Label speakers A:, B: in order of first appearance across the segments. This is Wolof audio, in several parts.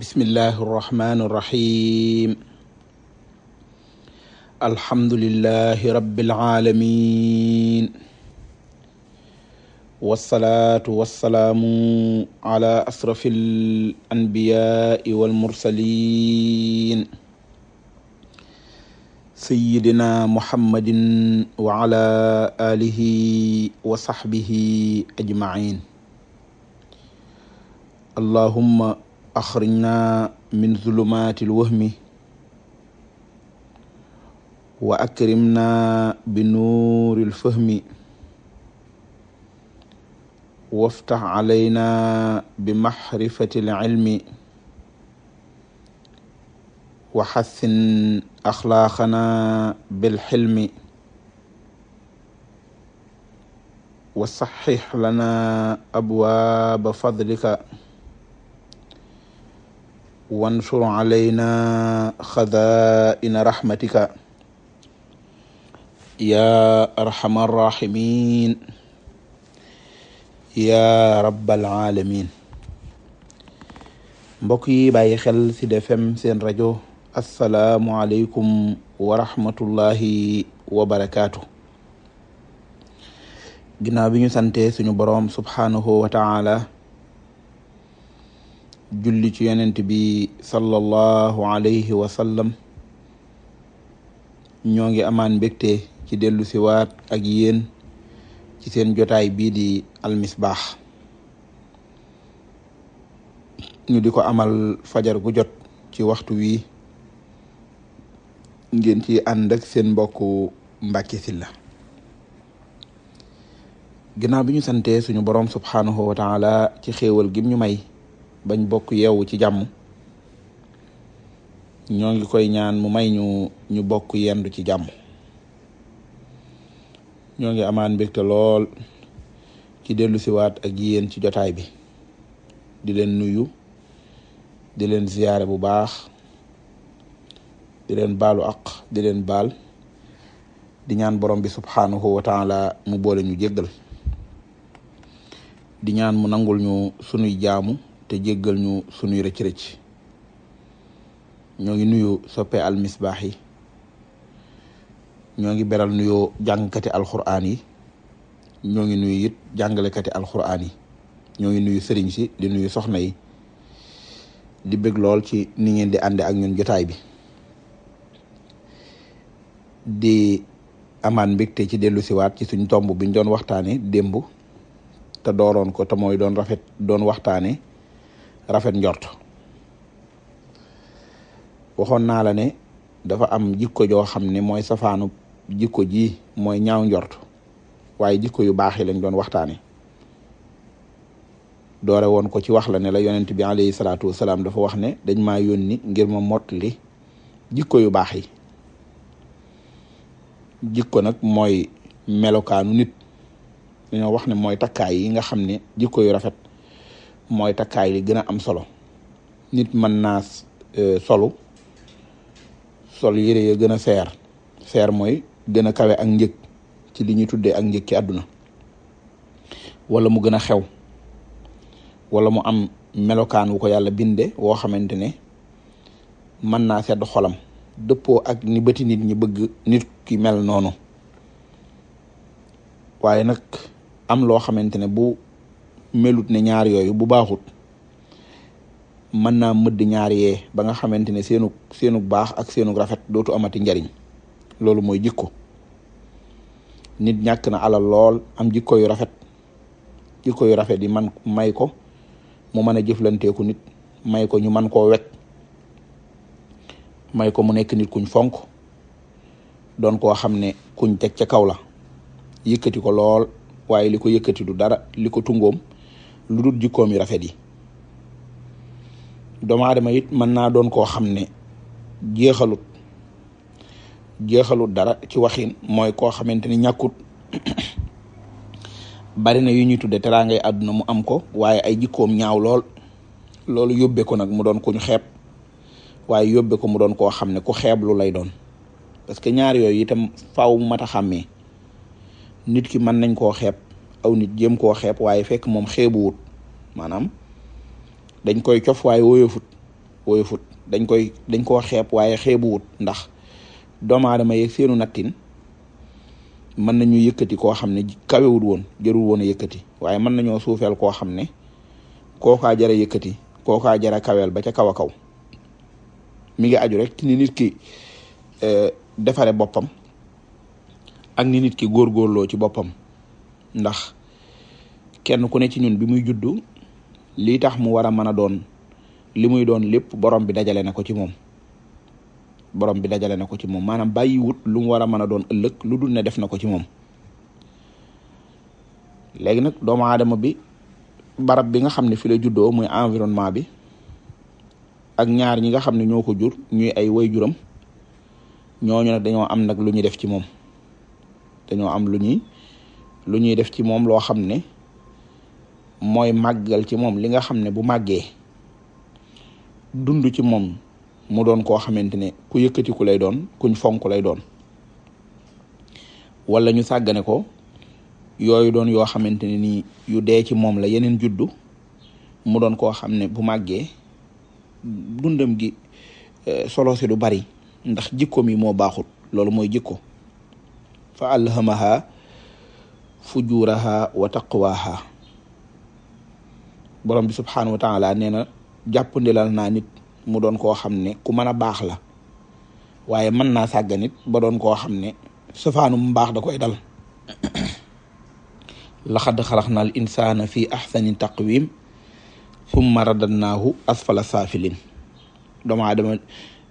A: bismillahi irrahmani irrahim alhamdulilahi rabiilalamin walsalaatu walsalaamu ala asrafi al anbiyaai walmursalin sayidina muhammadin wa ala alihi wa saxbihi ajmain allahumma axrijna min zulumaati lwahmi wa akrimna bi nuuri lfahmi waftax calayna bi maxrifati lcilmi wa xassin axlaaqana bilxilmi wa saxix wansur alayna xadaina rahmatika ya arhamar rahimin ya rabbal alamin mbokk yi bàyyi xel ci seen rajo asalaamualeykum wa rahmatullahi wa barakaatu ginnaaw bi ñu sante suñu boroom subhaanahu wa julli ci yonent bi sallallahu alayhi wa sallam ñoo ngi amaan mbégte ci dellu siwaat ak yéen ci seen jotaay bii di almisbaax ñu di ko amal fajar gu jot ci waxtu wi ngeen ci ànd ak seen mbokku Mbàkke Sylla ginnaaw bi ñu santee suñu borom subhaanahu wa taala ci xéewal gim ñu may bañ bokk yeewu ci jàmm ñoo ngi koy ñaan mu may ñu ñu bokk yendu ci jàmm ñoo ngi amaan mbégte lool ci dellu siwaat ak giyeen ci jotaay bi di leen nuyu di leen ziyaare bu baax di leen baalu aq di leen baal di ñaan borom bi subhanahu wa taala mu boole ñu jéggal di ñaan mu nangul ñu sunuy jaamu te jéggal ñu sunuy rëcc rëcc ñoo ngi nuyu soppe al misbaax yi ñoo ngi beral nuyoo jàngkati alxuraan yi ñoo ngi nuyu it jàngalekati alxuraan yi ñoo ngi nuyu sëriñ si di nuyu soxna yi di bëgg lool ci ni ngeen di ànde ak ñun jotaay bi di amaan mbégte ci dellu siwaat ci suñ tomb biñ doon waxtaane démb te dooroon ko te mooy doon rafet doon waxtaane rafet njort waxoon naa la ne dafa am jikko joo xam ne mooy safaanu jikko ji mooy ñaaw njort waaye jikko yu baax lañ doon waxtaane doore woon ko ci wax la ne la yonent bi alayhi salaatu wasalaam dafa wax ne dañ maa yónni ngir ma mot li jikko yu baax yi jikko nag mooy melokaanu nit dañoo wax ne mooy takkaay yi nga xam ne jikko yu rafet mooy takkaay li gën a am solo nit mën naa euh, solu sol yére ya gën a seer seer mooy gën a kawe ak njëg ci li ñuy tuddee ak njëg ci àdduna wala mu gën a xew wala mu am melokaan ko yàlla binde woo xamante ne mën naa sedd xolam dëppoo ak ni bëti nit ñi bëgg nit ki mel noonu waaye nag am loo xamante ne bu melut ne ñaar yooyu bu baaxut mën naa mëdd ñaar yee ba nga xamante ne seenu seenu baax ak seenu rafet dootu amati njariñ loolu mooy jikko nit ñàkk na alal lool am jikko yu rafet jikko yu rafet yi man may ko mu mën a jëflanteeku nit may ko ñu man koo wekk may ko mu nekk nit kuñ fonk doon koo xam ne kuñ teg ca kaw la yëkkati ko lool waaye li ko yëkkati du dara liko ko tungoom lu dul jikkoom rafet yi doomu aadama it mën naa doon koo xam ne jeexalut jeexalut dara ci waxin mooy koo xamante ni ñàkkut bari na yu ñuy tudde teraangay àdduna mu am ko waaye ay jikkoom ñaaw lool loolu yóbbe ko nag mu doon ku ñu xeeb waaye yóbbe ko mu doon koo xam ne ku xeeblu lay doon parce que ñaar yooyu itam faw mu mat a xàmmee nit ki mën nañ koo xeeb aw nit jéem koo xeeb waaye fekk moom xeebu wut maanaam dañ koy cof waaye woyofut woyofut dañ koy dañ ko xeep waaye xeebu wut ndax doomu aadama yeeg seenu nattin mën nañu yëkkati koo xam ne kawewut woon jërul woon a yëkkati waaye mën nañoo suufeel koo xam ne kookaa jara yëkkati kookaa jara kaweel ba ca kaw a kaw mi ngi aju rek ni nit ki eh, defare boppam ak nit ki góorgóorloo ci boppam ndax kenn ku ne ci ñun bi muy juddu lii tax mu war a mën a doon li muy doon lépp borom bi dajale na ko ci moom borom bi dajale na ko ci moom maanaam bàyyiwut lu mu war a mën a doon ëllëg lu dul ne def na ko ci moom léegi nag doomu aadama bi barab bi nga xam ne fi la juddoo muy environnement bi ak ñaar ñi nga xam ne ñoo ko jur ñuy ay way juram ñooñu nag dañoo am nag lu ñuy def ci moom dañoo am lu ñuy lu ñuy def ci moom loo xam ne mooy màggal ci moom li nga xam ne bu màggee dund ci moom mu doon koo xamante ne ku yëkkatiku lay doon kuñ fonk lay doon wala ñu sàggane ko yooyu doon yoo xamante ne nii yu dee ci moom la yeneen juddu mu doon koo xam ne bu màggee dundam gi eh, solo si du bari ndax jikkoom yi moo baaxut loolu mooy jikko fa alhamaha fujuraha wa taqwaha borom bi subhanahu wa taala nee na jàppandilal naa nit mu doon koo xam ne ku mën a baax la waaye mën naa sàgga nit koo xam ne safaanum mbaax da koy dal laxad xalaqna al insana fi ahsani taqwim summa radadnaahu asfala saafilin doomu aadama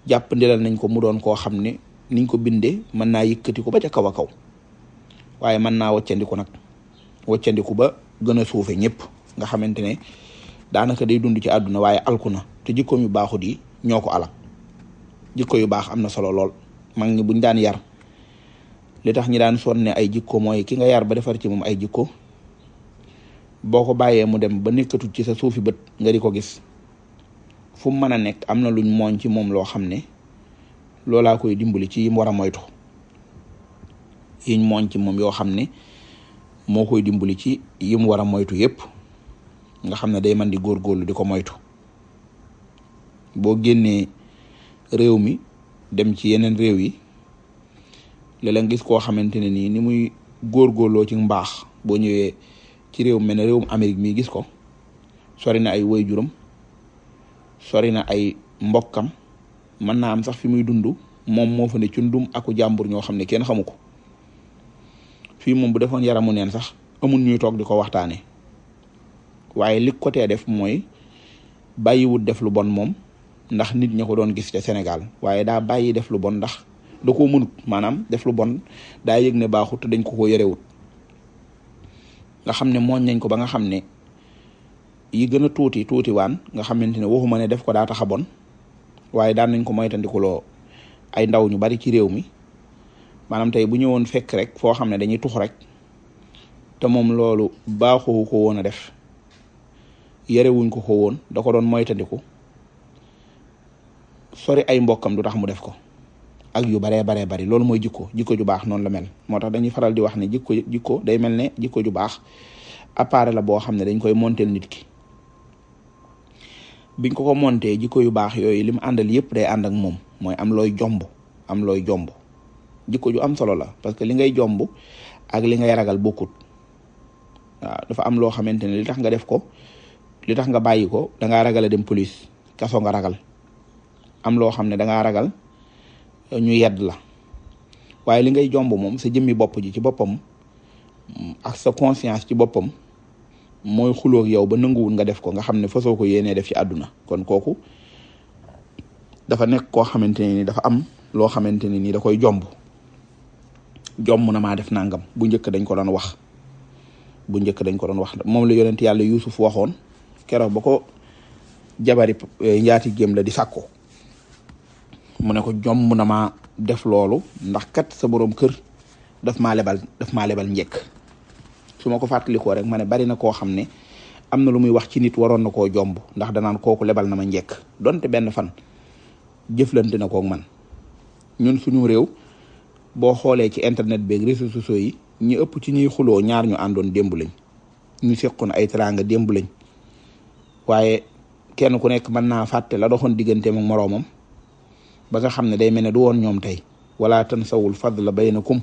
A: jàppandilal nañ ko mu doon koo xam ne niñ ko bindee mën naa yëkkati ko ba ca kaw a kaw waaye mën naa wàccandiku nag wàccandiku ba gën a suufe ñëpp nga xamante ne daanaka day dund ci àdduna waaye alkuna na te jikkoom yu baaxut yi ñoo ko alak jikko yu baax am na solo lool mag ñi buñ daan yar li tax ñi daan ne ay jikko mooy ki nga yar ba defar ci moom ay jikko boo ko bàyyee mu dem ba nekkatul ci sa suufi bët ngari ko gis fu mu mën a nekk am na luñ mooñ ci moom loo xam ne loolaa koy dimbali ci yim war a moytu yiñ mooñ ci moom yoo xam ne moo koy dimbali ci yim war a moytu yépp nga xam ne day man di góorgóorlu di ko moytu boo génnee réew mi dem ci yeneen réew yi léeg-léeg gis koo xamante ne nii ni muy góorgóorloo ci mbaax boo ñëwee ci réew mel ne réewum Amérique mi gis ko sori na ay waajuram sori na ay mbokkam mën naa am sax fi muy dund moom moo fa ne ci ndum aku jàmbur ñoo xam ne kenn xamu ko fii moom bu defoon yaramu neen sax amul ñuy toog di ko waxtaanee waaye li ko tee def mooy bàyyiwut def lu bon moom ndax nit ña ko doon gis ca Sénégal waaye daa bàyyi def lu bon ndax da koo mënut maanaam def lu bon daa yëg ne baaxut te dañ ko ko yorewut nga xam ne mooñ nañ ko ba nga xam ne yi gën a tuuti tuuti waan nga xamante ne waxuma ne def ko daa tax bon waaye daan nañ ko moytandikuloo ay ndaw ñu bari ci réew mi maanaam tey bu ñëwoon fekk rek foo xam ne dañuy tux rek te moom loolu baaxoo ko woon a def yarewuñ ko ko woon da ko doon moytandiku sori ay mbokkam du tax mu def ko ak yu baree baree bari loolu mooy jikko jikko ju baax la mel moo tax dañuy faral di wax ne jikko jikko day mel ne jikko ju baax appareil boo xam ne dañ koy monteel nit ki biñ ko ko montee jikko yu baax yooyu li mu àndal yëpp day ànd ak moom mooy am looy jomb am looy jomb jikko ju am solo la parce que li ngay jomb ak li ngay ragal bokkut waaw dafa am loo xamante ne li tax nga def ko li tax nga bàyyi ko da ngaa ragal dem police kaso nga ragal am loo xam ne da ragal ñu yedd la waaye li ngay jomb moom sa jëmmi bopp ji ci boppam ak sa conscience ci boppam mooy xuloog yow ba nanguwul nga def ko nga xam ne fasoo ko yéenee def ci àdduna kon kooku dafa nekk koo xamante ne ni dafa am loo xamante ne ni da koy jomb jomm na maa def nangam bu njëkk dañ ko doon wax bu njëkk dañ ko doon wax moom la yonent yàlla Yuusuf waxoon keroog ba ko jabari eh, njaati géem la di sàkko mu ne ko jomm na maa def loolu ndax sa borom kër daf maa lebal daf maa lebal njëkk su ma ko fàttalikoo rek ma ne bari na koo xam ne am na lu muy wax ci nit waroon na koo jomb ndax danaan kooku lebal na ma njëkk donte benn fan jëflante na koog man ñun suñu réew. boo xoolee ci internet beeg réseaux sociaux yi ñi ëpp ci ñuy xuloo ñaar ñu àndoon démb lañ ñu seqoon ay teraanga démb lañ waaye kenn ku nekk mën naa fàtte la doxoon digganteem moom moroomam ba nga xam ne day mel ne du woon ñoom tey wala tansawul fadla baynakum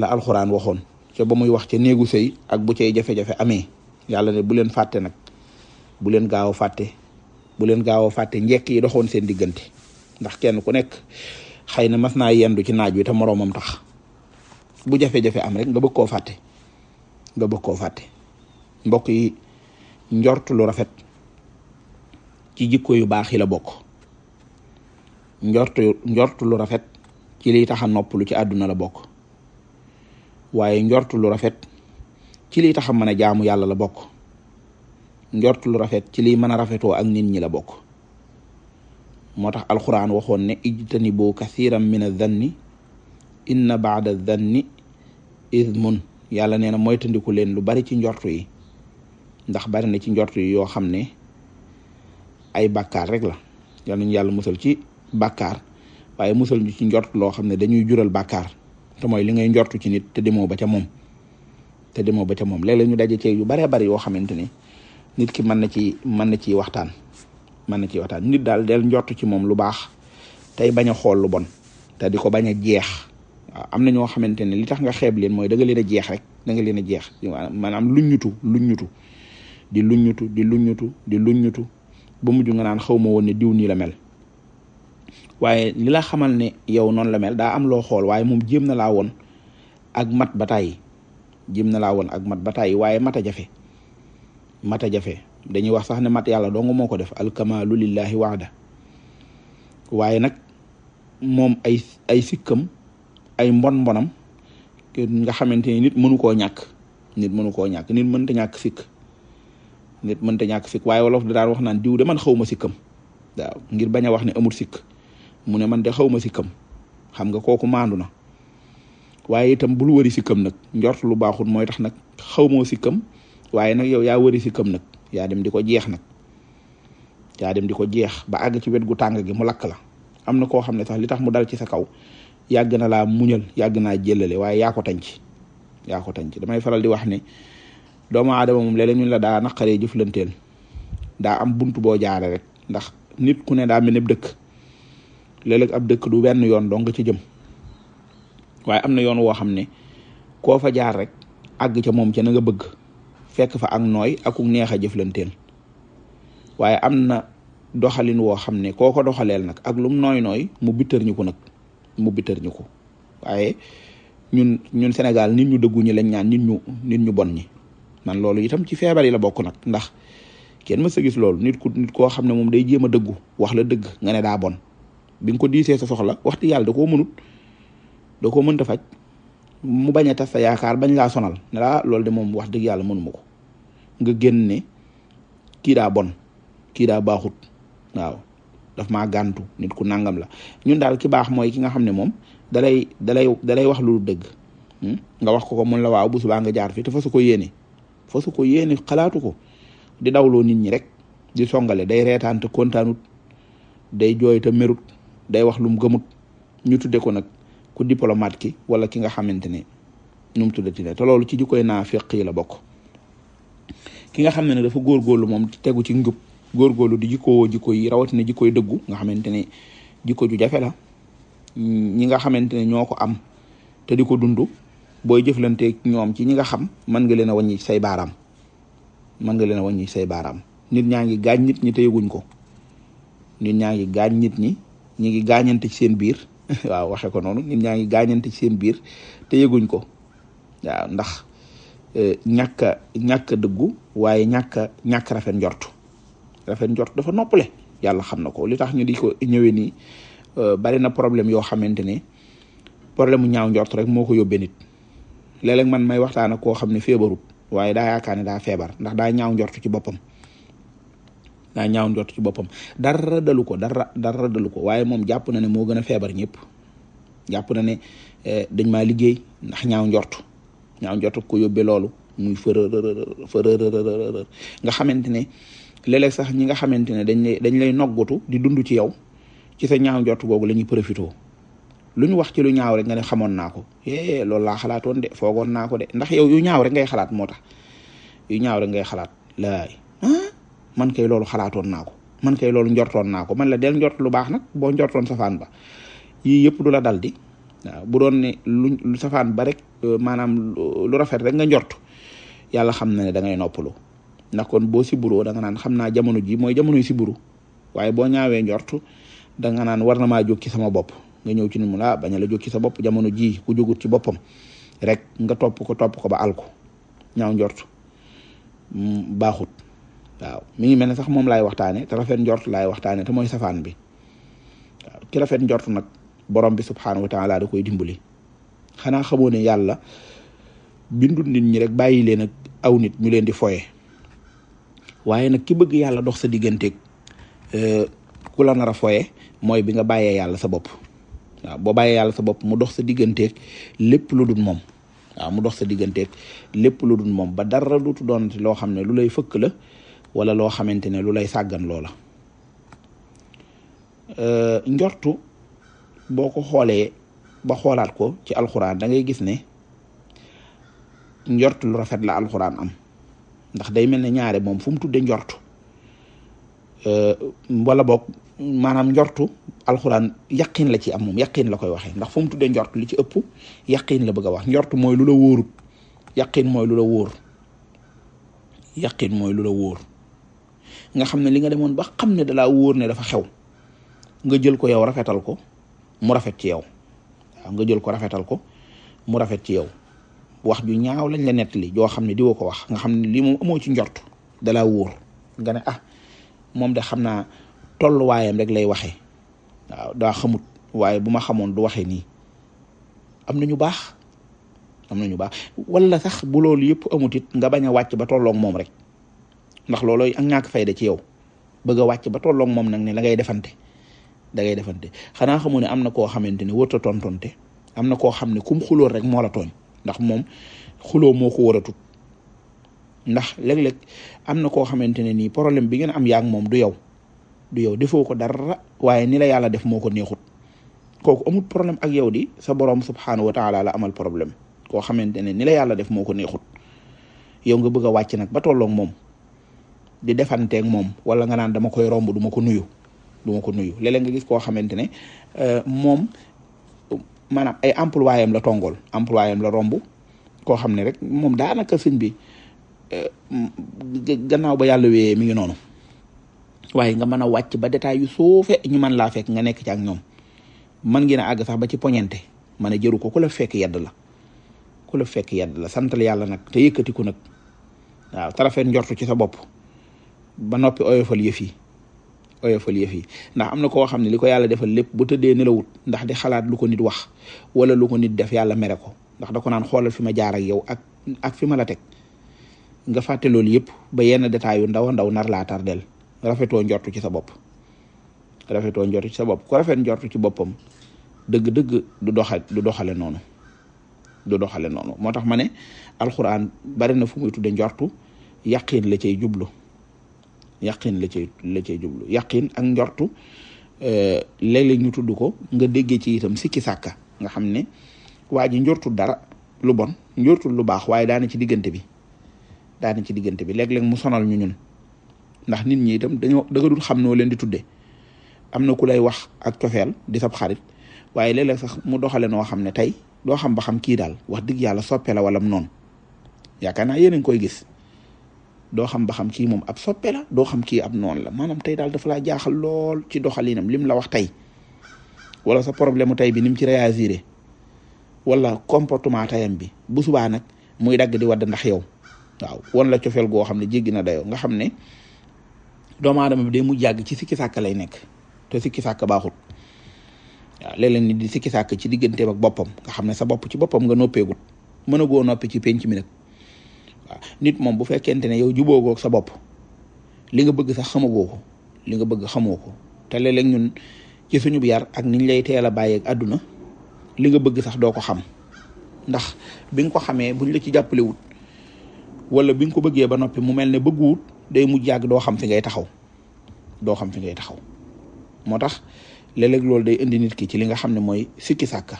A: la alxuraan waxoon ca ba muy wax ci néegu sëy ak bu cay jafe-jafe amee yàlla ne bu leen fàtte nag bu leen gaaw a fàtte bu leen gaaw a fàtte njekk yi doxoon seen diggante ndax kenn ku nekk xëy na mas naa yendu ci naaj wi te moroomam tax bu jafe-jafe am rek nga bëgg koo fàtte nga bëgg koo fàtte mbokk yi njort rafet ci jikko yu baax la bokk njort lu rafet ci liy tax a ci àdduna la bokk waaye njortulu rafet ci liy taxa a mën a jaamu yàlla la bokk njort lu rafet ci liy mën a rafetoo ak nit ñi la bokk moo tax alquran waxoon ne ijtanibu kathiran min adhanni inna baada adhanni ithmun yàlla nee na moytandiku leen lu bari ci njortu yi ndax bari na ci njortu yi yoo xam ne ay bàkkaar rek la yal nañu yàlla musal ci bàkkaar waaye musal ci njort loo xam ne dañuy jural bàkkaar te mooy li ngay njortu ci nit te demoo ba ca moom te demoo ba ca moom léeg ñu daje ci yu baree bari yoo xamante ni nit ki mën na ci mën na ciy waxtaan mën na ci waxtaan nit daal del njort ci moom lu baax tey bañ a xool lu bon te di ko bañ a jeex waaw am na ñoo xamante ne li tax nga xeeb leen mooy da nga leen a jeex rek da nga leen a jeex maanaam luññutu luññutu di luññutu di luññutu di luññutu ba mujju nga naan xaw ma woon ne diw nii la mel waaye li la xamal ne yow noonu la mel daa am loo xool waaye moom jéem na laa woon ak mat ba tàyyi jéem na laa woon ak mat ba waaye mat a jafe mat a jafe dañuy wax sax ne mat yàlla dong moo ko def alkamalu lillahi waada waaye nag moom ay sikkam ay mbon mbonam nga xamante ni nit mënu koo ñàkk nit mënu koo ñàkk nit mënta ñàkk sikk nit mënta ñàkk sikk waaye wolof da daan wax naan diw de man xawma sikkam ngir bañ a wax ne amul sikk mu ne man de xawma sikkam xam nga kooku maandu na waaye itam bul wëri sikkam nag njort lu baaxul mooy tax nag xawma sikkam waaye nag yow ya wari sikkam nag yaa dem di ko jeex nag yaa dem di ko jeex ba àgg ci wet gu tàng gi mu lakk la am na koo xam ne sax li tax mu dal ci sa kaw yàgg na laa muñal yàgg naa jëlale waaye yaa ko tànc yaa ko tànc damay faral di wax ne doomu aadama moom léeg-léeg la daa naqaree jëflanteel daa am bunt boo jaare rek ndax nit ku ne daa mel ne dëkk léeg ab dëkk du benn yoon dong nga ci jëm waaye am na yoon woo xam ne koo fa jaar rek àgg ca moom ca na nga bëgg fekk fa ak nooy aku neex a jëflanteel waaye am na doxalin woo xam ne koo ko doxaleel nag ak lum nooy nooy mu bittër ñu ko nag mu bittër ñu ko waaye ñun ñun Sénégal nit ñu dëggu ñi lañ ñaan nit ñu nit ñu bon ñi man loolu itam ci feebar yi la bokk nag ndax kenn ma sa gis loolu nit ku nit koo xam ne moom day jéem a dëggu wax la dëgg nga ne daa bon bi nga ko diisee sa soxla waxtu yàlla da koo mënut da koo mënta faj mu bañ a tas sa yaakaar bañ laa sonal ne laa loolu de moom wax dëgg yàlla mënuma ko nga génne kii daa bon kii daa baaxut waaw daf maa gàntu nit ku nangam la ñun daal ki baax mooy ki nga xam ne moom dalay dalay dalay wax lu dëgg hmm? nga wax ko ko mun la waaw bu subaa nga jaar fi te fasu ko yéene fasu ko yéene xalaatu ko di daw loo nit ñi rek di songale day reetaan te kontaanut day jooy te day wax lum gëmut ñu tudde ko nag ku diplomate ki wala ki nga xamante ne nu mu tuddati ne te loolu ci jikkoy naa feq la bokk ki nga xam ne dafa góorlu moom tegu ci njub góorgóorlu di jikkoo jikko yi rawatina jikko yi dëggu nga xamante ne jikko ju jafe la ñi nga xamante ne ñoo ko am te di ko dund booy jëflanteek ñoom ci ñi nga xam mën nga leen a wàññi say baaraam mën nga leen a wàññi say baaraam nit ñaa ngi gaañ nit ñi te yëguñ ko nit ñaa ngi gaañ nit ñi ñu ngi gaañante ci seen biir waaw waxe ko noonu nit ñaa ngi gaañante ci seen biir te yëguñ ko waaw ndax Eh, ñàkk a ñàkk dëggu waaye ñàkk a ñàkk rafet njort rafet njort dafa noppale yàlla xam na ko li tax ñu di ko ñëwee nii euh, bari na problème yoo xamante ne problème mu ñaaw njort rek moo ko yóbbee nit léeg-léeg man may waxtaana ak koo xam ne feebaru waaye daa yaakaar ne daa feebar ndax daa ñaaw njort ci boppam daa ñaaw ci boppam dara dalu ko dara dara dalu ko waaye moom jàpp na ne moo gën a feebar ñëpp jàpp na ne eh, dañ maa liggéey ndax ñaaw njort ñaaw njort ko yóbbe loolu muy fërërërër nga xamante ne léeg sax ñi nga xamante ne dañ lay dañ lay noggutu di dund ci yow ci sa ñaaw njort googu la ñuy profité lu ñu wax ci lu ñaaw rek nga ne xamoon naa ko eh laa xalaatoon de naa ko de ndax yow yu ñaaw ngay xalaat moo tax yu ñaaw rek ngay xalaat laay ah, man kay loolu xalaatoon naa ko man kay loolu njortoon naa ko man la del njort lu baax nag boo njortoon safaan ba yi yëpp du la dal di waaw bu doon ne safaan ba rek Euh, maanaam lu rafet rek nga njort yàlla xam na ne da ngay noppalu ndax kon boo siburoo da nga naan xam naa jamono ji mooy jamonoy siburu waaye boo ñaawee njort da nga naan war na maa jóg ci sama bopp nga ñëw ci ni mu la ah, bañ la jóg ci sa bopp jamono ji ku jógut ci boppam rek nga topp ko topp ko ba àll ko ñaaw njort mm, baaxut waaw mi ngi mel ne sax moom laay waxtaane te rafet njort laay waxtaane te mooy safaan bi waaw ki rafet njort nag borom bi subxanahu wa laa da koy dimbali xanaa xamoo ne yàlla bindul nit ñi rekk bàyyi leen ak aw nit ñu leen di foye waaye nag ki bëgg yàlla dox sa digganteek euh, ku la nar a foye mooy bi nga bàyyee yàlla sa bopp waaw boo bàyyee yàlla sa bopp mu dox sa digganteeg lépp lu dul moom mu dox sa digganteeg lépp lu dul moom ba dara dutu doonati loo xam ne lu lay fëkk la wala loo xamante ne lu lay sàggan loola euh, njortu boo ko xoolee ba xoolaat ko ci alxuraan da ngay gis ne njort lu rafet la alxuraan am ndax day mel ne ñaare moom fu mu tudde njort euh, wala boog maanaam njortu alxuraan yaqin la ci am moom yaqin la koy waxee ndax fu mu tuddee njort li ci ëpp yaqin la bëgg a wax njortu mooy lu la wóorut yaqin mooy lu la wóor yaqin mooy lu la wóor nga xam ne li nga demoon ba xam ne dalaa wóor ne dafa xew nga jël ko yow rafetal ko mu rafet ci yow nga jël ko rafetal ko mu rafet ci yow wax ju ñaaw lañ la nettali joo xam ne di woo ko wax nga xam ne lii moom amoo ci njort dalaa wóor nga ah moom de xam naa tolluwaayam rek lay waxe waaw daa xamut waaye bu ma xamoon du waxee nii am na ñu baax am na ñu baax wala sax bu loolu yëpp amut it nga bañ a wàcc ba tolloog moom rek ndax loolooy ak ñàkk fayda ci yow bëgg a wàcc ba tolloog moom nag ne la ngay defante da ngay defante xanaa xamu ne am na koo xamante ne wërta tontonte am na koo xam ne kum xulóor rek moo la tooñ ndax moom xuloo moo ko war ndax léeg am na koo xamante ne nii problème bi ngeen am yaa ngi moom du yow du yow defoo ko dara waaye ni la yàlla def moo ko neexut kooku amul problème ak yow di sa borom subxanahu wa taala amal problème koo xamante ne ni la yàlla def moo ko neexut yow nga bëgg a wàcc nag ba tolloog moom di defanteeg moom wala nga naan dama koy romb duma ko nuyu du ko nuyu léeg-léeg nga gis koo xamante ne euh, moom maanaam ay employé am la tongool employé am la romb koo xam ne rek moom daanaka sëñ bi euh, gannaaw ba yàlla wéyee mi ngi noonu waaye nga mën a wàcc ba détail yu suufee ñu mën laa fekk nga nekk ci ak ñoom mën ngeen a àgg sax ba ci poñente man a jëru ko ku la fekk yedd la ku la fekk yedd la santal yàlla nag te yëkkatiku nag waaw tarafeen njortu ci sa bopp ba noppi oyofal yëf oyofal yëf yi ndax am na koo xam ne li ko yàlla defal lépp bu tëddee wut ndax di xalaat lu ko nit wax wala lu ko nit def yàlla mere ko ndax da ko naan xoolal fi ma jaar ak yow ak ak fi ma la teg nga fàtte loolu yëpp ba yenn détails yu ndaw a ndaw nar laa tardel rafetoo njortu ci sa bopp rafetoo njortu ci sa bopp ku rafet njortu ci boppam dëgg-dëgg du doxa du doxale noonu du doxale noonu moo tax ma ne alxuraan bari na fu muy tudde njortu yàqiin la cay jublu yaqin la cay la cay jublu yaqin ak njortu euh, léeg-léeg ñu tudd ko nga déggee ci itam siki sàkka nga xam ne waa ji njortul dara lu bon njortul lu baax waaye daana ci diggante bi daana ci diggante bi léeg-léeg mu sonal ñu ñun ndax nit ñi itam dañoo da nga dul xam noo leen di tuddee am na ku lay wax ak cofeel di sab xarit waaye léeg sax mu doxale noo xam ne tey doo xam ba xam kii daal wax dëgg yàlla soppe la walam mu noonu yaakaar naa yéen a koy gis doo xam ba xam kii moom ab soppe la doo xam kii ab noon la maanaam tey daal dafa laa jaaxal lool ci doxalinam lim la wax tey wala sa problème tey bi ni mu ci réagir wala comportement tayam bi bu subaa nag muy dagg di wadd ndax yow waaw won la cofeel goo xam ne jéggi na dayoo nga xam ne doomu aadama bi day mu jàgg ci sikki sàkk lay nekk te sikki sàkk baaxul waaw léeg nit di sikki sàkk ci digganteem ak boppam nga xam ne sa bopp ci boppam nga noppeegut mën goo noppi ci penc mi nag nit moom bu fekkente ne yow jubóogoo ak sa bopp li nga bëgg sax xamagoo ko li nga bëgg xamoo ko te léeg-léeg ñun ci suñu yar ak niñ lay teel a bàyyeeg àdduna li nga bëgg sax doo ko xam ndax bi nga ko xamee buñ la ci jàppale wut wala bi nga ko bëggee ba noppi mu mel ne bëgguwut day mujj yàgg doo xam fi ngay taxaw doo xam fi ngay taxaw moo tax léeg-léeg loolu day indi nit ki ci li nga xam ne mooy sikki sàkka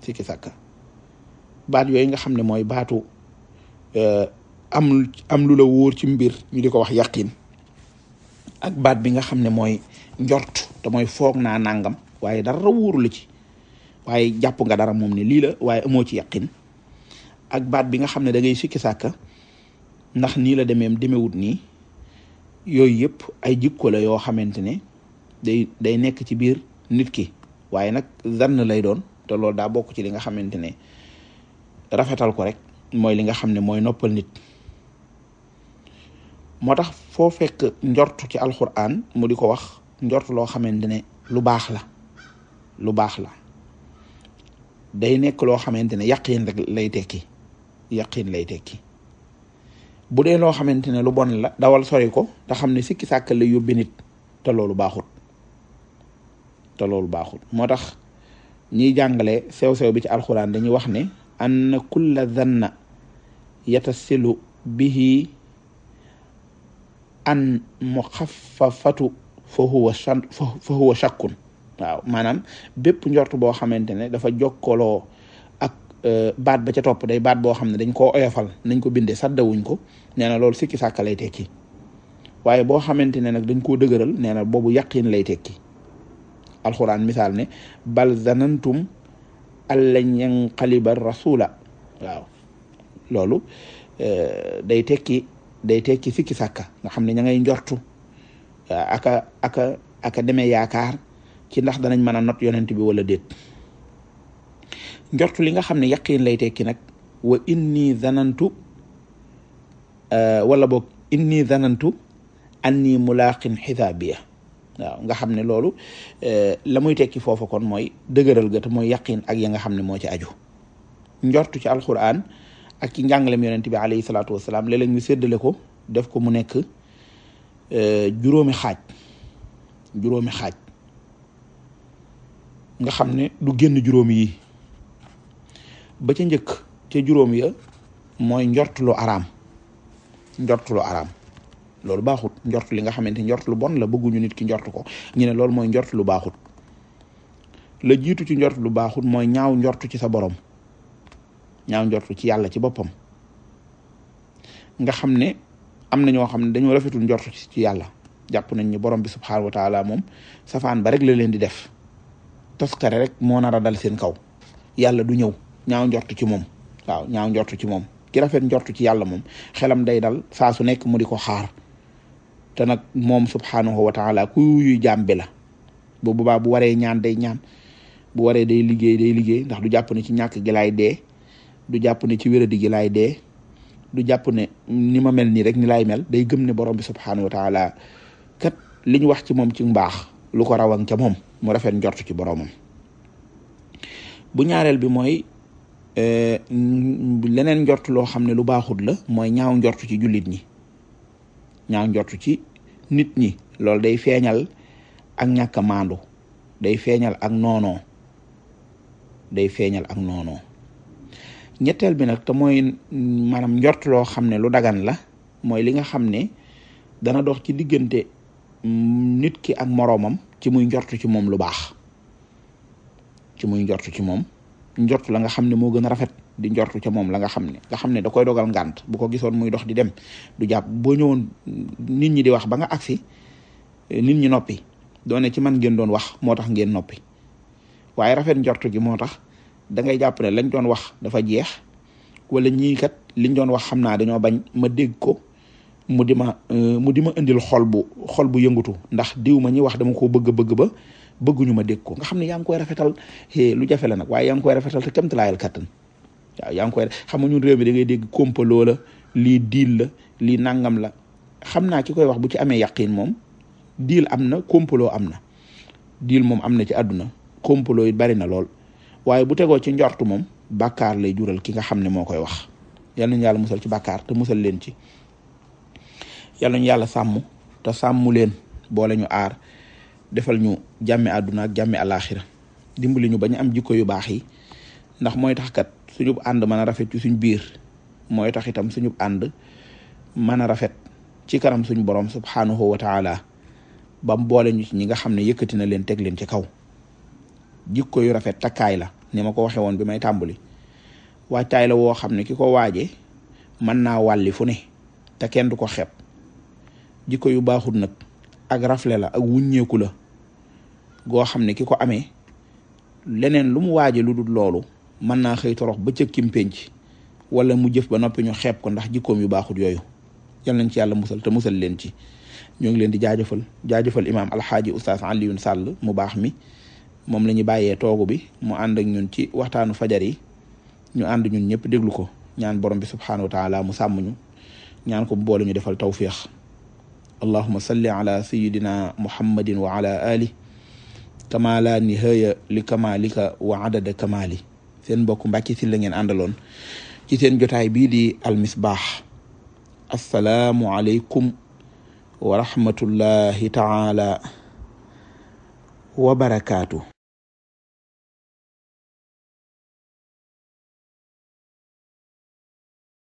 A: sikki sàkka baat yooyu nga xam ne mooy baatu Euh, am am lu la wóor ci mbir ñu di ko wax yaqin ak baat bi nga xam ne mooy njort te mooy foog naa nangam waaye dara wóoru la ci waaye jàpp nga dara moom ni lii la waaye amoo ci yaqin ak baat bi nga xam ne da ngay sikki sàkka ndax nii la demeem demewut nii yooyu yëpp ay jikko la yoo xamante ne day day nekk ci biir nit ki waaye nag zann lay doon te loolu daa bokk ci li nga xamante ne rafetal ko rek mooy li nga xam ne mooy noppal nit moo tax foo fekk njort ci alxuraan mu di ko wax njort loo xamante ne lu baax la lu baax la day nekk loo xamante ne yaqin rek lay tekki yaqin lay tekki bu dee loo xamante ne lu bon la dawal sori ko te xam ne siki sàkk la yóbbi nit te loolu baaxut te loolu baaxut moo tax ñiy jàngale sew-sew bi ci alxuraan dañuy wax ne anna kulla dhanna yatasilu bihi an muxaffafatu fa huwa fa huwa shakkun waaw maanaam bépp njort boo xamante ne dafa jokkaloo ak euh, baat ba ca topp day baat boo xam ne dañ koo oyofal nañ ko bindee saddawuñ ko nee na loolu sikki sàkka lay tekki waaye boo xamante ne nag dañ koo dëgëral nee na boobu yaqiin lay tekki alxuraan misaal ne bal zanantum allan yanqaliba rasula waaw loolu eh, day tekki day tekki sikki sàkka nga xam ne ña njortu aka aka aka demee yaakaar ci ndax danañ mën a not yonent bi wala déet njortu li nga xam ne yaqiin lay tekki nag wa inni zanantu eh, wala boog inni zanantu anni mulaqin xisaabiya waaw nga xam ne loolu eh, la muy tekki foofa kon mooy dëgëral ga te mooy yaqin ak ya nga xam ne moo ci aju njortu ci alquran ak ci njàngalem yonent bi alayhi salaatu wasalaam léeg-léeg ñu ko def ko mu nekk eh, juróomi xaaj juróomi xaaj nga xam ne du génn juróom yi ba ci njëkk ca juróom ya mooy njortuloo araam njortuloo araam loolu baaxut njort li nga xamante njort lu bon la bëgguñu nit ki njort ko ñu ne loolu mooy njort lu baaxut la jiitu ci njort lu baaxut mooy ñaaw njortu ci sa borom ñaaw njort ci yàlla ci boppam nga xam ne am na ñoo xam ne dañoo rafetul njort ci yàlla jàpp nañ ni borom bi subxanahu wa taala moom safaan ba rek la leen di def toskare rek moo nar a dal seen kaw yàlla du ñëw ñaaw njort ci moom waaw ñaaw njort ci moom ki rafet njort ci yàlla moom xelam day dal saa su nekk mu di ko xaar. te nag moom subhaanahu wa taala ku yuy jaam bi la bu baa bu waree ñaan day ñaan bu waree day liggéey day liggéey ndax du jàpp ne ci ñàkk gi laay dee du jàpp ne ci wéradi gi laay dee du jàpp ne ni ma mel nii rek ni laay mel day gëm ne borom bi subhaanahu wa taala kat li ñu wax ci moom ci mbaax lu ko rawan ca moom mu rafet njort ci boromam bu ñaareel bi mooy e, leneen njort loo xam ne lu baaxut la mooy ñaaw njort ci jullit ñi ñaaw njort ci nit ñi loolu day feeñal ak ñàkk maandu day feeñal ak noonoo day feeñal ak noonoo ñetteel bi nag te mooy maanaam njort loo xam ne lu dagan la mooy li nga xam ne dana dox ci diggante nit ki ak moroomam ci muy njort ci moom lu baax ci muy njort ci moom njort la nga xam ne moo gën a rafet di njortu ca moom la nga xam ne nga xam ne da koy dogal ngànt bu ko gisoon muy dox di dem du jàpp boo ñëwoon nit ñi di wax ba nga agsi nit ñi noppi doone ci man ngeen doon wax moo tax ngeen noppi waaye rafet njortu gi moo tax da ngay jàpp ne lañ doon wax dafa jeex wala ñii kat liñ doon wax xam naa dañoo bañ ma dégg ko mu di ma euh, mu di ma indil xol bu xol bu yëngutu ndax diw ma ñi wax dama koo bëgg bëgg ba bëgguñu ma dégg ko nga xam ne yaa ngi koy rafetal lu jafe la nag waaye yaa ngi koy rafetal te kéemtalaayal waaw yaa koy xam réew mi da ngay dégg kompaloo la lii diil la lii nangam la xam naa ki koy wax bu ci amee yàqin moom diil am na kompaloo am na diil moom am na ci àdduna kompaloo it bari na lool waaye bu tegoo ci njortu moom bakkaar lay jural ki nga xam ne moo koy wax yal nañu yàlla musal ci bàkkaar te musal leen ci yal nañu yàlla sàmm te sàmm leen boole ñu aar defal ñu jàmme àdduna jàmme àlaaxira dimbali ñu bañ am jikko yu baax yi ndax mooy tax kat suñu ànd mën a rafet ci suñ biir mooy tax itam suñu ànd mën a rafet ci karam suñu borom subhanahu wa taala bam boole ñu ci ñi nga xam ne yëkkati na leen teg leen ci kaw jikko yu rafet takkaay la ni ma ko waxee woon bi may tàmbali waajtaay la woo xam ne ki ko waaje mën naa wàlli fu ne te kenn du ko xeeb jikko yu baaxul nag ak rafle la ak wuññeeku la goo xam ne ki ko amee leneen lu mu waaje lu dul loolu mën naa xëy torox ba cëg wala mu jëf ba noppi ñu xeeb ko ndax jikkoom yu baaxut yooyu yal nañ ci yàlla musal te musal leen ci ñoo ngi leen di jaajëfal jaajëfal imaam alxaaji oustaz Alioune Sall mu baax mi moom la ñu bàyyee toogu bi mu ànd ak ñun ci waxtaanu fajar yi ñu ànd ñun ñëpp déglu ko ñaan borom bi subhaanahu wa taala mu sàmm ñu ñaan ko boole ñu defal tawfiix allahuma salli ala sayidina muhammadin wa ala ali kama la nihaya li kamalika wa adada kamali seen mbokk Mbàkke Sylla ngeen àndaloon ci seen jotaay bii di almisbaax assalaamu aleykum wa rahmatullahi taala wa barakaatu